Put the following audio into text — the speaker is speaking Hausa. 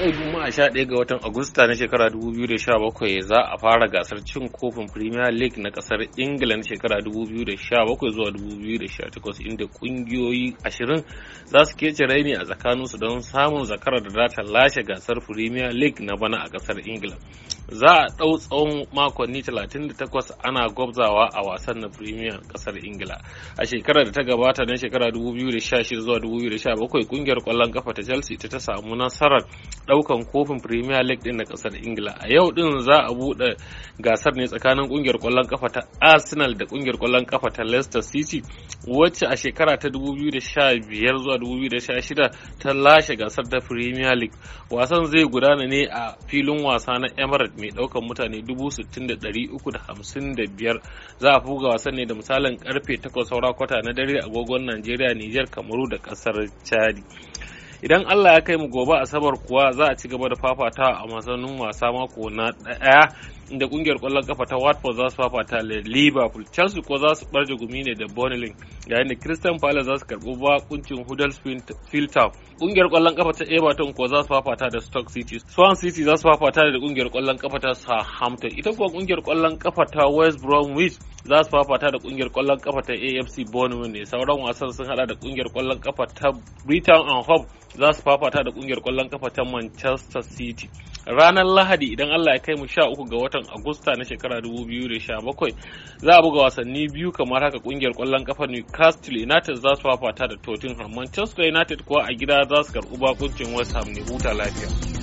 yau ɗaya ga watan agusta na shekara 2017 za a fara gasar cin kofin premier league na kasar ingila na shekara 2017 zuwa 2018 inda kungiyoyi 20 za su kece raini a tsakaninsu don samun zakarar da za ta lashe gasar premier league na bana a kasar ingila za a ɗau tsawon makonni 38 ana gwabzawa a wasan na premier ƙasar ingila a shekarar da ta gabata na shekara 2016 zuwa 2017 kungiyar ƙwallon kafa ta chelsea ta ta samu nasarar ɗaukan kofin premier league ɗin na ƙasar ingila a yau ɗin za a buɗe gasar ne tsakanin kungiyar ƙwallon kafa ta arsenal da kungiyar ƙwallon kafa ta leicester city wacce a shekara ta 2015 zuwa 2016 ta lashe gasar ta premier league wasan zai gudana ne a filin wasa na emirates mai daukan mutane 60,355 za a buga wasan ne da misalin karfe 8 saura kwata na dare a agogon Najeriya, Nijar, Kamaru da kasar Chadi. idan Allah ya kai mu gobe asabar kuwa za a ci gaba da fafata a masanin wasa mako na daya inda kungiyar kwallon kafa ta Watford za su fafata da Liverpool Chelsea ko za su barje gumi ne da Burnley yayin da Crystal Palace za su karbi bakuncin Huddersfield Town kungiyar kwallon kafa ta Everton ko za su fafata da Stoke City Swan City za su fafata da kungiyar kwallon kafa ta Southampton ita kuwa kungiyar kwallon kafa ta West Bromwich za su fafata da kungiyar kwallon kafa ta AFC Bournemouth ne sauran wasan sun hada da kungiyar kwallon kafa ta Brighton and Hope za su fafata da kungiyar kwallon kafa ta Manchester City ranar lahadi idan allah ya kai mu sha uku ga watan agusta na shekara 2017 za a buga wasanni biyu kamar haka kungiyar kwallon kafa newcastle united za su fafata da tottenham manchester united kuwa a gida za su karɓi bakuncin west ham ne huta lafiya